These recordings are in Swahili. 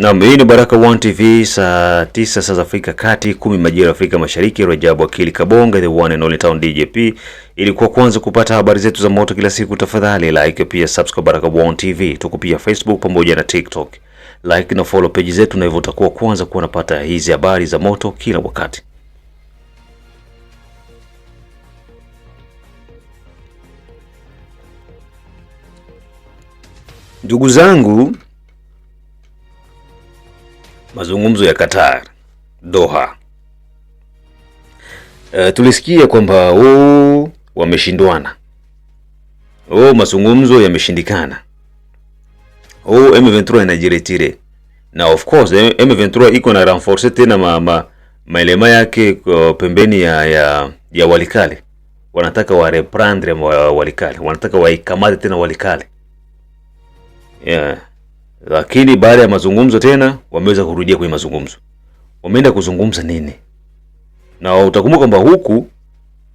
Naam, hii ni Baraka One TV saa tisa saa za Afrika Kati, kumi majira ya Afrika Mashariki. Rajabu Akili Kabonga, the one and only town DJP. Ili kwanza kupata habari zetu za moto kila siku, tafadhali like pia subscribe Baraka One TV. Tuko pia Facebook pamoja na TikTok. Like na follow page zetu, na hivyo utakuwa kwanza kuwa napata hizi habari za moto kila wakati. Ndugu zangu mazungumzo ya Qatar Doha. E, tulisikia kwamba oh, wameshindwana oh, mazungumzo yameshindikana oh, M23 inajiretire na of course eh, M23 iko na renforce tena ma, ma, maelema yake eh, pembeni ya, ya, ya Walikale wanataka wa reprendre Walikale wanataka waikamate tena Walikale yeah. Lakini baada ya mazungumzo tena wameweza kurudia kwenye mazungumzo. Wameenda kuzungumza nini? Na utakumbuka kwamba huku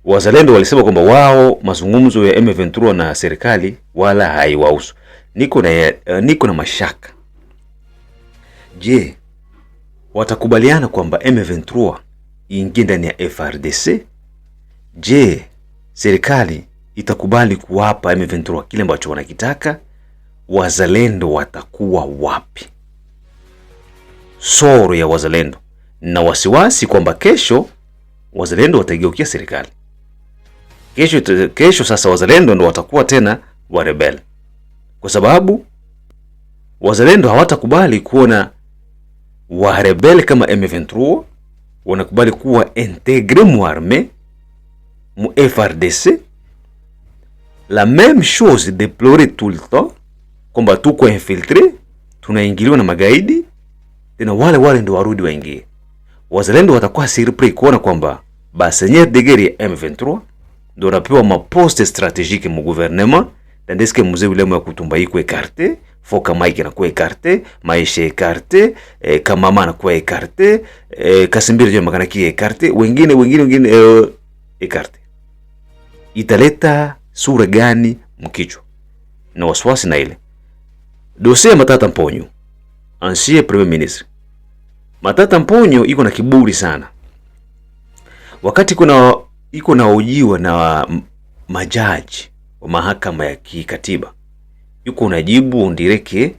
wazalendo walisema kwamba wao mazungumzo ya M23 na serikali wala haiwahusu. Niko na uh, niko na mashaka. Je, watakubaliana kwamba M23 iingie ndani ya FRDC? Je, serikali itakubali kuwapa M23 kile ambacho wanakitaka? wazalendo watakuwa wapi? Soro ya wazalendo na wasiwasi kwamba kesho wazalendo watageukia serikali kesho. Kesho sasa wazalendo ndo watakuwa tena rebel, kwa sababu wazalendo hawatakubali kuona rebel kama M23 wanakubali kuwa integre mu arme mu FRDC. La même chose déplorer tout le temps kwamba tuko infiltre, tunaingiliwa na magaidi tena, wale wale ndio warudi waingie. Wazalendo watakuwa surprise kuona kwamba basenyer de guerre ya M23 ndio napewa maposte strategique mu gouvernement tandeske mzee William ya kutumba iko ekarte foka Mike na kuwa ekarte maisha ekarte e, eh, kamama na kuwa ekarte e, eh, kasimbiri jema kana kia ekarte wengine wengine wengine e, eh, ekarte italeta sura gani mkichwa na wasiwasi na ile Dosea Matata Mponyo, ancien premier ministre. Matata Mponyo iko na kiburi sana, wakati kuna iko ujiwa na majaji wa mahakama ya kikatiba, yuko unajibu ndireke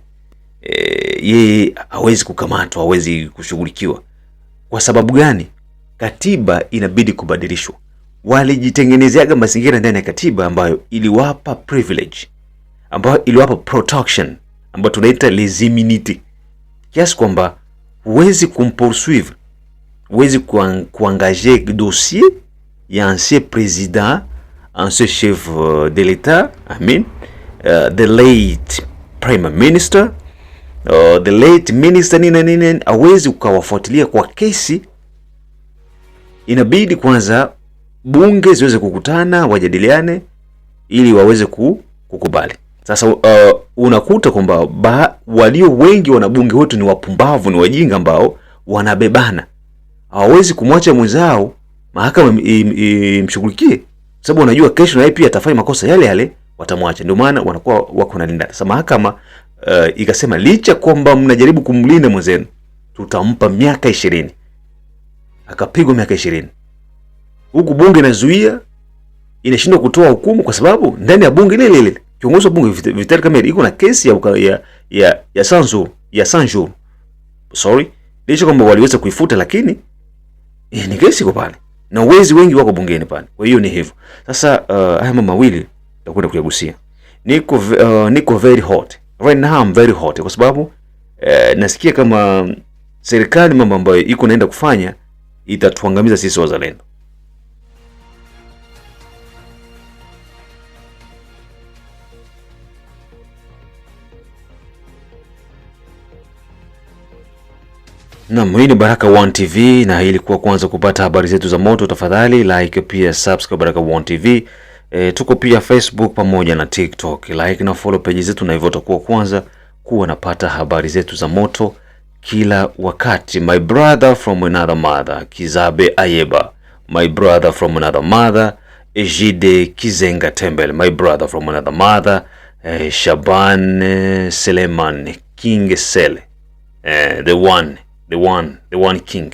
eh, yeye hawezi kukamatwa, hawezi kushughulikiwa. Kwa sababu gani? Katiba inabidi kubadilishwa. Walijitengenezeaga mazingira ndani ya katiba ambayo iliwapa privilege, ambayo iliwapa protection ambayo tunaita leziminite, kiasi kwamba huwezi kumpoursuivre, huwezi kuangaje dossier ya ancien president ancien chef euh, de letat amin uh, the late prime minister uh, the late minister nina nina, awezi ukawafuatilia kwa kesi. Inabidi kwanza bunge ziweze kukutana wajadiliane ili waweze kukubali. Sasa uh, unakuta kwamba walio wengi wanabunge wetu ni wapumbavu, ni wajinga ambao wanabebana, hawawezi kumwacha mwenzao mahakama imshughulikie, sababu wanajua kesho naye pia atafanya makosa yale yale, watamwacha. Ndio maana wanakuwa wako nalinda. Sasa mahakama uh, ikasema licha kwamba mnajaribu kumlinda mwenzenu, tutampa miaka ishirini. Akapigwa miaka ishirini, huku bunge inazuia, inashindwa kutoa hukumu kwa sababu ndani ya bunge lile lile Kiongozi wa bunge Vital Kamerhe iko na kesi ya ya ya, ya sanzo ya sanjo. Sorry, licho kwamba waliweza kuifuta lakini eh, ni kesi iko pale. Na wezi wengi wako bungeni pale. Kwa hiyo ni hivyo. Sasa uh, haya mama mawili takwenda kuyagusia. Niko uh, niko very hot. Right now I'm very hot kwa sababu uh, nasikia kama serikali mambo ambayo iko naenda kufanya itatuangamiza sisi wazalendo. Naam, hii ni baraka One TV na hii ilikuwa kwanza kupata habari zetu za moto, tafadhali like pia subscribe baraka One TV. E, tuko pia Facebook pamoja na TikTok. Like na follow page zetu na hivyo utakuwa kwanza kuwa napata habari zetu za moto kila wakati. My brother from another mother, Kizabe Ayeba. My brother from another mother, Ejide Kizenga Tembel. My brother from another mother, eh, Shaban e, Seleman King Sele. Eh, the one the one, the one king.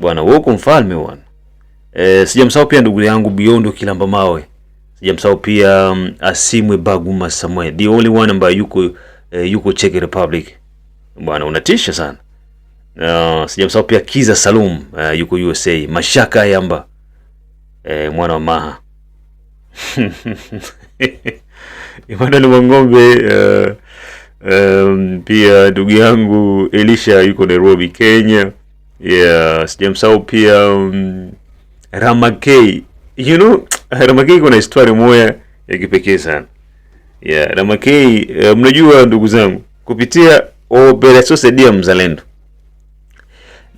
Bwana uko mfalme bwana. E, sijamsahau pia ndugu yangu Biondo Kilamba Mawe. Sijamsahau pia um, Asimwe Baguma Samuel. The only one ambaye yuko eh, yuko Czech Republic. Bwana unatisha sana. Uh, sijamsahau pia Kiza Salum uh, yuko USA. Mashaka Yamba. Eh, mwana wa Maha. Emmanuel Wangombe uh, eh, Um, pia ndugu yangu Elisha yuko Nairobi, Kenya. Yeah, sijamsahau pia um, Ramakei. You know, Ramakei kuna story moja ya kipekee sana. Yeah, Ramakei uh, mnajua ndugu zangu kupitia Operation Mzalendo.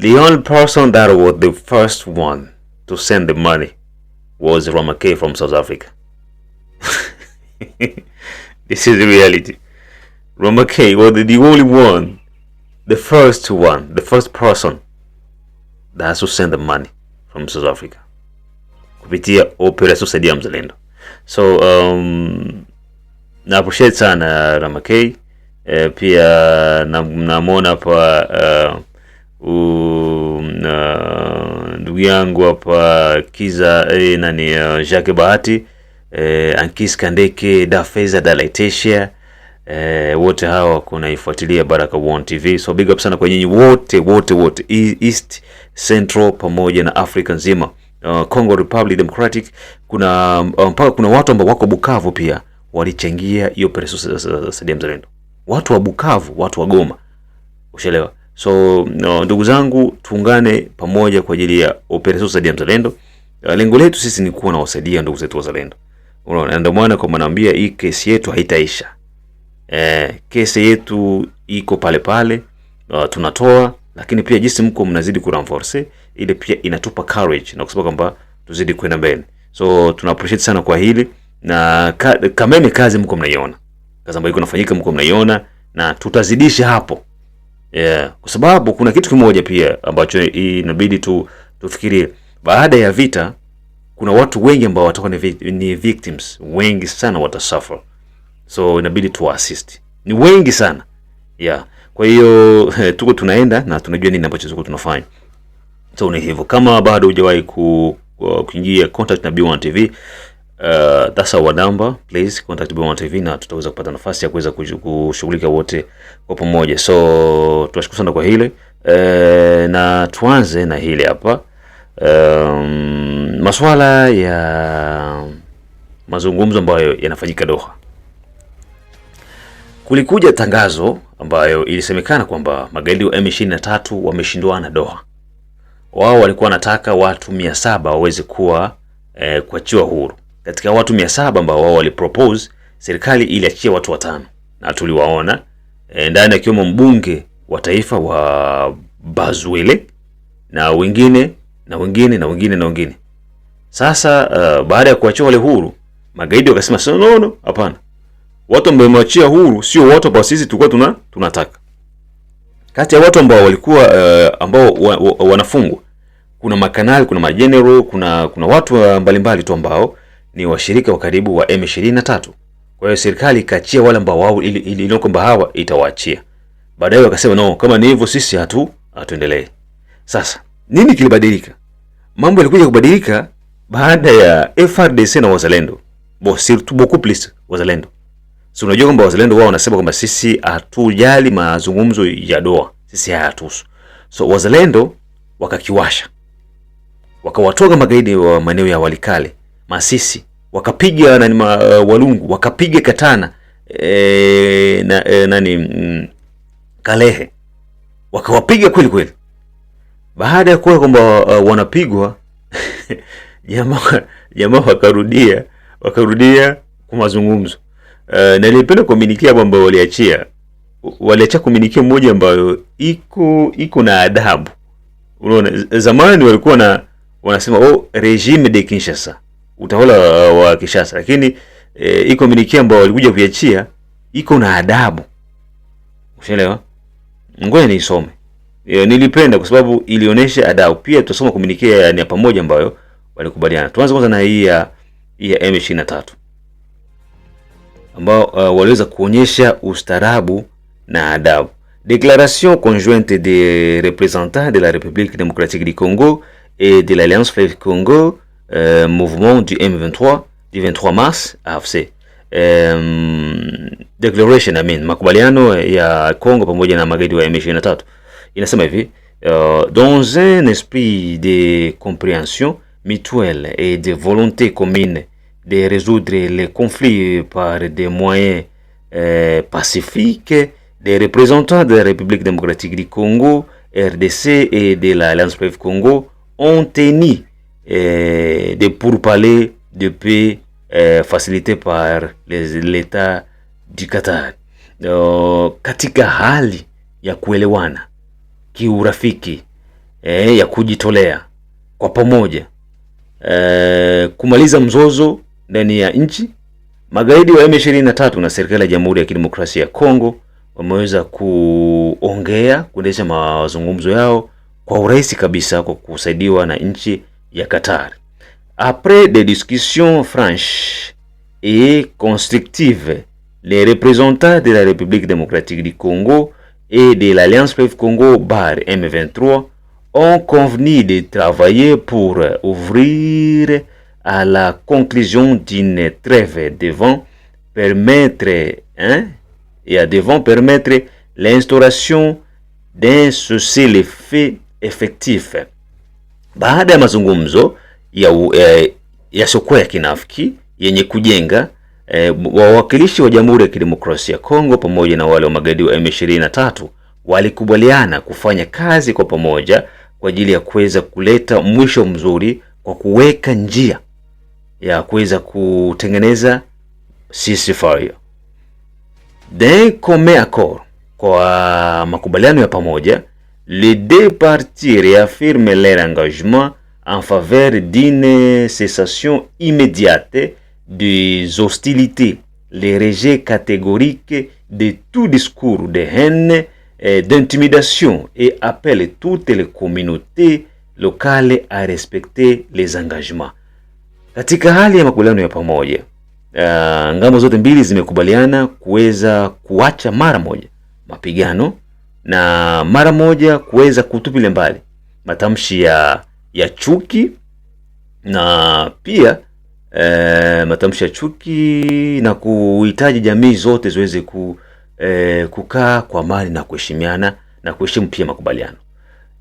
The only person that was the first one to send the money was Ramakei from South Africa. This is reality. Roma K was the, the only one, the first one, the first person that has to send the money from South Africa kupitia Operation Saidia Mzalendo. So um, na appreciate sana Roma K. E, pia namwona hapa uh, uh, ndugu yangu hapa Kiza eh, nani uh, Jacques Bahati eh, Ankis Kandeke Dafeza Dalitesia eh, wote hawa kunaifuatilia baraka One TV, so big up sana kwa nyinyi wote wote wote, e-, East Central pamoja na Afrika nzima, uh, Congo Republic Democratic, kuna uh, mpaka um, kuna watu ambao wako Bukavu pia walichangia hiyo pesa za Saidia Mzalendo, watu wa Bukavu, watu wa Goma, ushelewa. So no, ndugu zangu tuungane pamoja kwa ajili ya operesheni Saidia Mzalendo. Uh, lengo letu sisi ni kuwa na wasaidia ndugu zetu wazalendo, unaona, ndio maana kwa manambia hii kesi yetu haitaisha eh, kesi yetu iko pale pale, uh, tunatoa lakini pia jinsi mko mnazidi ku kuranforce ile pia inatupa courage na kusema kwamba tuzidi kwenda mbele. So tuna appreciate sana kwa hili na ka, kameni kazi mko mnaiona. Kazi ambayo iko nafanyika mko mnaiona na tutazidisha hapo. Yeah, kwa sababu kuna kitu kimoja pia ambacho inabidi tu tufikirie. Baada ya vita kuna watu wengi ambao watakuwa ni, ni victims wengi sana watasuffer so inabidi assist. Ni wengi sana yeah. Kwa hiyo tuko tunaenda na tunajua nini ambacho tuko tunafanya. So ni hivyo, kama bado hujawahi ku, kuingia contact na B1 TV Uh, that's our number please contact B1 TV na tutaweza kupata nafasi ya kuweza kushughulika wote kwa pamoja. So tunashukuru sana kwa hile uh, na tuanze na hile hapa um, masuala ya mazungumzo ambayo yanafanyika Doha kulikuja tangazo ambayo ilisemekana kwamba magaidi wa M23 wameshindwana Doha. Wao walikuwa wanataka watu mia waweze kuwa eh, kuachiwa huru. Katika watu mia ambao wao walipropose, serikali iliachia watu watano na tuliwaona eh, ndani akiwemo mbunge wa taifa wa Bazwile na wengine na wengine na wengine na wengine. Sasa uh, baada ya kuachiwa wale huru, magaidi wakasema no no, hapana watu ambao mmemwachia huru sio watu ambao sisi tulikuwa tuna tunataka. Kati ya watu ambao walikuwa uh, ambao wa, wa, wa, wanafungwa kuna makanali, kuna majeneral, kuna kuna watu eh, mbalimbali tu ambao ni washirika wa karibu wa M23. Kwa hiyo serikali ikachia wale ambao wao ili, ili, ili kwamba hawa itawaachia. Baadaye wakasema no, kama ni hivyo sisi hatu hatuendelee. Sasa nini kilibadilika? Mambo yalikuja kubadilika baada ya FRDC na Wazalendo. Bosir tu beaucoup plus Wazalendo Si unajua kwamba wazalendo wao wanasema kwamba sisi hatujali mazungumzo ya doa, sisi hayatuhusu. So wazalendo wakakiwasha, wakawatoga magaidi wa maeneo ya Walikale, Masisi, wakapiga nani ma, Walungu, wakapiga Katana e, na, e, nani mm, Kalehe, wakawapiga kweli kweli. Baada ya kuona kwamba uh, wanapigwa jamaa jamaa wakarudia wakarudia kwa mazungumzo. Uh, na nilipenda communique hapo ambayo waliachia waliacha communique moja ambayo iko iko na adabu. Unaona, zamani walikuwa na wanasema oh, regime de Kinshasa, utawala wa Kinshasa, lakini eh, iko communique ambayo walikuja kuiachia iko na adabu. ushelewa? Ngoja nisome E, eh, nilipenda kwa sababu ilionyesha adabu. Pia tutasoma communique ya pamoja ambayo walikubaliana. Tuanze kwanza na hii ya ya M23 ambao uh, waliweza kuonyesha ustaarabu na adabu. declaration conjointe des représentants de la République démocratique du Congo et de l'Alliance Fleuve Congo euh, mouvement du M23 du 23 mars AFC. Um, euh, declaration I mean, makubaliano ya Congo pamoja na magaidi wa M23 inasema hivi uh, dans un esprit de compréhension mutuelle et de volonté commune de résoudre les conflits par des moyens euh, pacifiques des représentants de la République démocratique du Congo, RDC et de l'Alliance Fleuve Congo ont tenu euh, des pourparlers de paix euh, facilités par l'État du Qatar. Euh, katika hali ya kuelewana kiurafiki eh, ya kujitolea kwa pamoja eh, kumaliza mzozo ndani ya nchi. Magaidi wa M23 na serikali ya Jamhuri ya Kidemokrasia ya Kongo wameweza kuongea kuendesha mazungumzo yao kwa urahisi kabisa kwa kusaidiwa na nchi ya Qatar. Après des discussions franches et constructives, les représentants de la République démocratique du Congo et de l'Alliance Fleuve Congo BAR M23 ont convenu de travailler pour ouvrir à la conclusion d'une trêve devant permettre hein, et à devant permettre l'instauration d'un cessez-le-feu effectif. Baada ya mazungumzo ya, ya soko ya kinafiki yenye kujenga eh, wawakilishi wa Jamhuri ya Kidemokrasia ya Kongo pamoja na wale wa magaidi wa M23 walikubaliana kufanya kazi kwa pamoja kwa ajili ya kuweza kuleta mwisho mzuri kwa kuweka njia ya kuweza kutengeneza ceasefire d'un commun accord, kwa les deux parties réaffirment leur engagement en faveur d'une cessation immédiate des hostilités, le rejet catégorique de tout discours de haine d'intimidation et appelle toutes les communautés locales à respecter les engagements. Katika hali ya makubaliano ya pamoja uh, ngambo zote mbili zimekubaliana kuweza kuacha mara moja mapigano na mara moja kuweza kutupilia mbali matamshi ya ya chuki na pia e, matamshi ya chuki na kuhitaji jamii zote ziweze ku, e, kukaa kwa amani na kuheshimiana na kuheshimu pia makubaliano.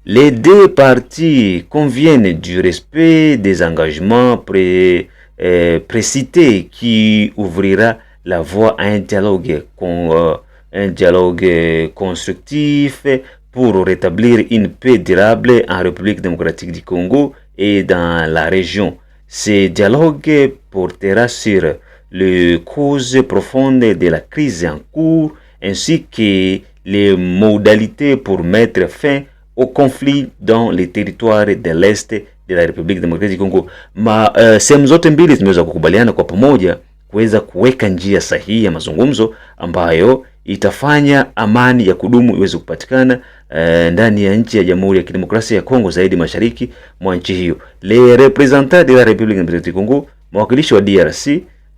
Les deux parties conviennent du respect des engagements pré, euh, précités qui ouvrira la voie à un dialogue, euh, un dialogue constructif pour rétablir une paix durable en République démocratique du Congo et dans la région. Ce dialogue portera sur les causes profondes de la crise en cours ainsi que les modalités pour mettre fin au conflit dans les territoires de l'est de la démocratique du Congo. Ma euh, sehemu zote mbili zimeweza kukubaliana kwa pamoja kuweza kuweka njia sahihi ya mazungumzo ambayo itafanya amani ya kudumu iweze kupatikana uh, ndani ya nchi ya Jamhuri ya Kidemokrasia ya Kongo, zaidi mashariki mwa nchi hiyo. le representants de la démocratique du Congo, mawakilishi wa DRC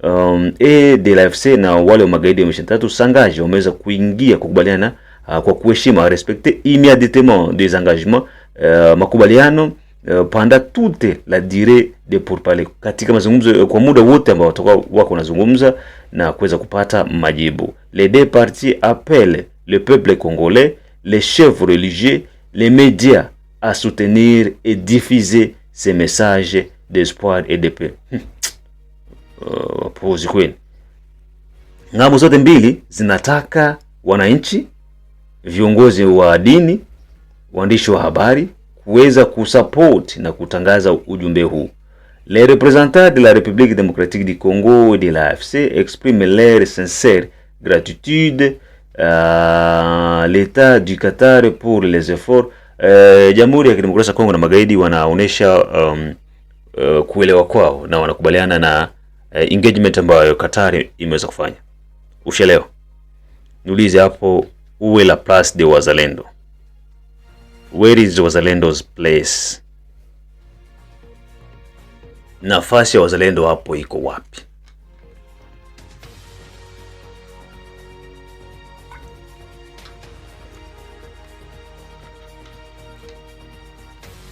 um, e de FC na wale wa magaidi wa M23 sangaje wameweza kuingia kukubaliana Euh, kwa kuheshima respecter immédiatement des engagements uh, makubaliano uh, panda toute la durée de pourparlers, katika mazungumzo euh, kwa muda wote ambao watakuwa wako wanazungumza na kuweza kupata majibu. Les deux parties appellent le peuple congolais, les chefs religieux, les médias à soutenir et diffuser ces messages d'espoir et de paix. Euh, wapuuzi kweli. Ng'ambo zote mbili zinataka wananchi viongozi wa dini, waandishi wa habari kuweza kusupport na kutangaza ujumbe huu. Les représentants de la République démocratique du Congo et de l'AFC expriment leur sincère gratitude à euh, l'État du Qatar pour les efforts. Uh, Jamhuri ya Kidemokrasia Kongo na magaidi wanaonesha um, uh, kuelewa kwao na wanakubaliana na uh, engagement ambayo Qatar imeweza kufanya. Ushelewa. Niulize hapo uwe la place de wazalendo. Where is wazalendo's place? Nafasi ya wazalendo hapo iko wapi?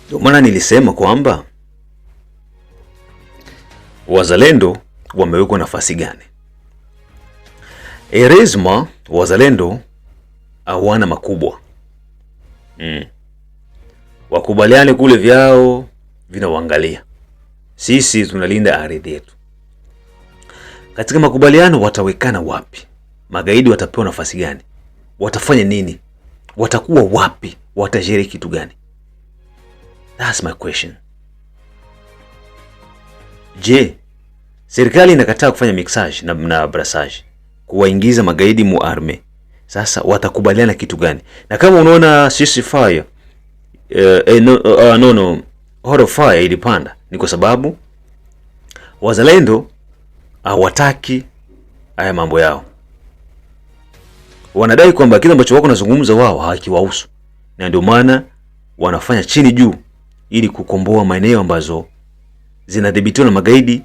Ndio maana nilisema kwamba wazalendo wamewekwa nafasi gani? Eresma wazalendo hawana makubwa mm. Wakubaliane kule vyao vinawaangalia, sisi tunalinda ardhi yetu. Katika makubaliano watawekana wapi? Magaidi watapewa nafasi gani? Watafanya nini? Watakuwa wapi? Watashiriki kitu gani? That's my question. Je, serikali inakataa kufanya mixage na, na brassage kuwaingiza magaidi muarme sasa watakubaliana kitu gani? Na kama unaona ceasefire eh, eh, no, uh, no, no, hot of Fire ilipanda ni kwa sababu wazalendo hawataki haya mambo yao. Wanadai kwamba kile ambacho wako nazungumza wao hakiwahusu, na ndio maana wanafanya chini juu ili kukomboa maeneo ambazo zinadhibitiwa na magaidi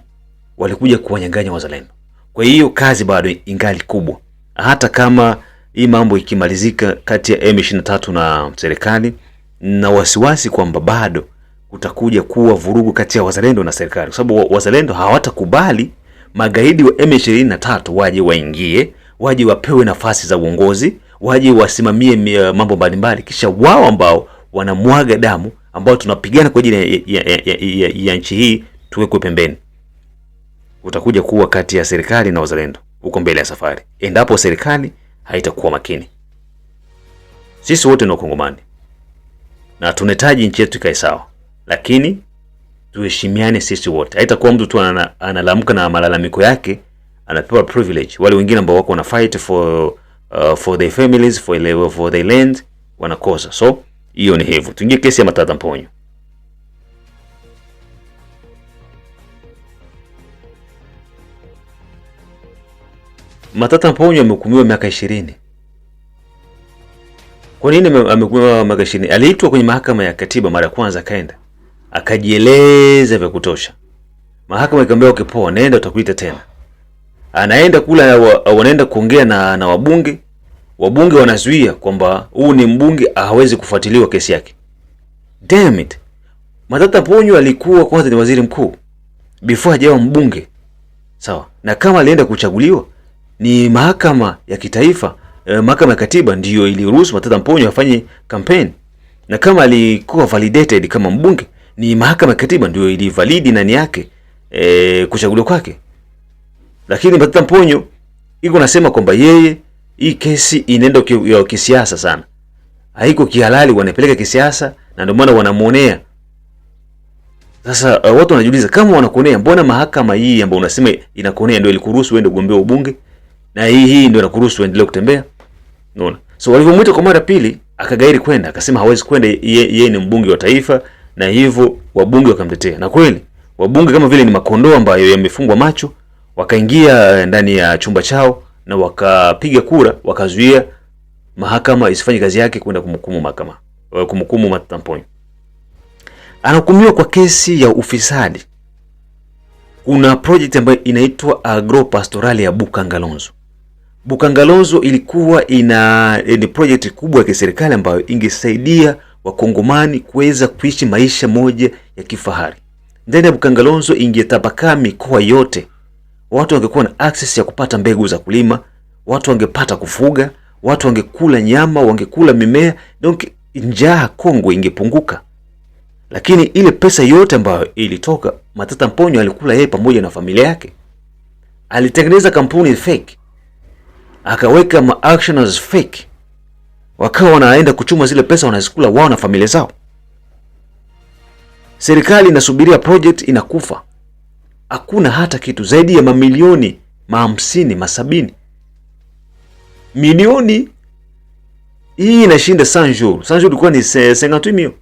walikuja kuwanyang'anya wazalendo. Kwa hiyo kazi bado ingali kubwa, hata kama hii mambo ikimalizika kati ya M23 na serikali, na wasiwasi kwamba bado kutakuja kuwa vurugu kati ya wazalendo na serikali, kwa sababu wazalendo hawatakubali magaidi wa M23 waje waingie, waje wapewe nafasi za uongozi, waje wasimamie mambo mbalimbali, kisha wao ambao wanamwaga damu, ambao tunapigana kwa ajili ya, ya, ya, ya, ya nchi hii tuwekwe pembeni. Utakuja kuwa kati ya serikali na wazalendo huko mbele ya safari, endapo serikali haitakuwa makini. Sisi wote ni Wakongomani na tunahitaji nchi yetu ikae sawa, lakini tuheshimiane sisi wote. Haitakuwa mtu tu analamka na malalamiko yake anapewa privilege. Wale wengine ambao wako wana fight for uh, for their families for their, for their land wanakosa. So hiyo ni hivyo, tuingie kesi ya Matata Mponyo. Matata Mponyo amehukumiwa miaka ishirini. Kwa nini amehukumiwa miaka ishirini? Aliitwa kwenye mahakama ya katiba mara ya kwanza, akaenda akajieleza vya kutosha, mahakama ikamwambia ukipoa, poa, nenda, utakuita tena. Anaenda kula, wanaenda kuongea na, na wabunge. Wabunge wanazuia kwamba huu ni mbunge, hawezi kufuatiliwa kesi yake. Damn it, Matata Ponyo alikuwa kwanza ni waziri mkuu before hajawa mbunge, sawa? Na kama alienda kuchaguliwa ni mahakama ya kitaifa eh, mahakama ya katiba ndiyo iliruhusu Matata Mponyo afanye campaign, na kama alikuwa validated kama mbunge, ni mahakama ya katiba ndiyo ilivalidi nani yake eh, kuchaguliwa kwake. Lakini Matata Mponyo iko nasema kwamba yeye hii kesi inaenda ya kisiasa sana, haiko kihalali, wanapeleka kisiasa na ndio maana wanamuonea. Sasa uh, watu wanajiuliza kama wanakuonea, mbona mahakama hii ambayo unasema inakuonea ndio ilikuruhusu wewe ndio ugombea ubunge? na hii hii ndio inakuruhusu uendelee kutembea. Unaona? So walivyomwita kwa mara pili akagairi kwenda, akasema hawezi kwenda, yeye ni mbunge wa taifa na hivyo wabunge wakamtetea. Na kweli wabunge kama vile ni makondoo ambayo yamefungwa macho, wakaingia eh, ndani ya chumba chao na wakapiga kura, wakazuia mahakama isifanye kazi yake kwenda kumhukumu mahakama eh, kumhukumu Martha Mompony. Anahukumiwa kwa kesi ya ufisadi. Kuna project ambayo inaitwa Agro Pastoral ya Bukangalonzo. Bukangalozo ilikuwa ina ni project kubwa ya kiserikali ambayo ingesaidia wakongomani kuweza kuishi maisha moja ya kifahari. Ndani ya Bukangalozo ingetapakaa mikoa yote, watu wangekuwa na access ya kupata mbegu za kulima, watu wangepata kufuga, watu wangekula nyama, wangekula mimea, donc njaa Kongo ingepunguka. Lakini ile pesa yote ambayo ilitoka, Matata Mponyo alikula yeye pamoja na familia yake. Alitengeneza kampuni fake akaweka maactioners fake, wakawa wanaenda kuchuma zile pesa, wanazikula wao na familia zao. Serikali inasubiria project inakufa, hakuna hata kitu zaidi ya mamilioni mahamsini masabini milioni hii inashinda sanjo sanjo, ilikuwa ni 58 mio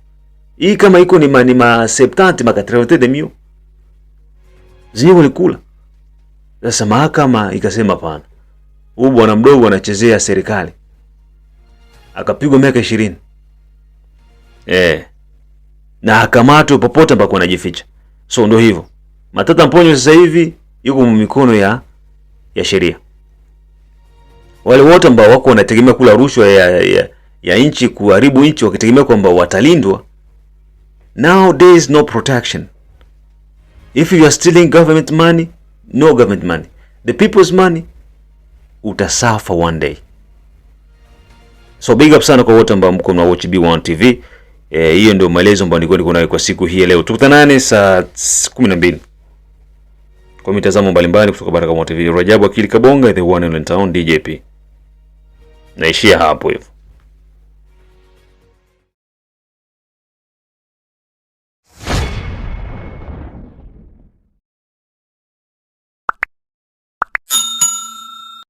hii kama iko ni ma ni ma 70 ma 80 mio zinyi walikula. Sasa mahakama ikasema pana Huyu bwana mdogo anachezea serikali, akapigwa miaka ishirini eh, na akamatwa popote ambako anajificha. So ndio hivyo, Matata Mponyo sasa hivi yuko mikono ya ya sheria. Wale wote ambao wako wanategemea kula rushwa ya, ya, ya nchi kuharibu nchi wakitegemea kwamba watalindwa, now there is no protection if you are stealing government money, no government money, the people's money utasafa one day. So big up sana kwa wote ambao mko na watch B1 TV. Eh, hiyo ndio maelezo ambayo nilikuwa niko nayo kwa siku hii leo. Tukutanane saa 12 kwa mitazamo mbalimbali kutoka Baraka1 TV. Rajabu Akili Kabonga, the one in town DJP. Naishia hapo hivyo.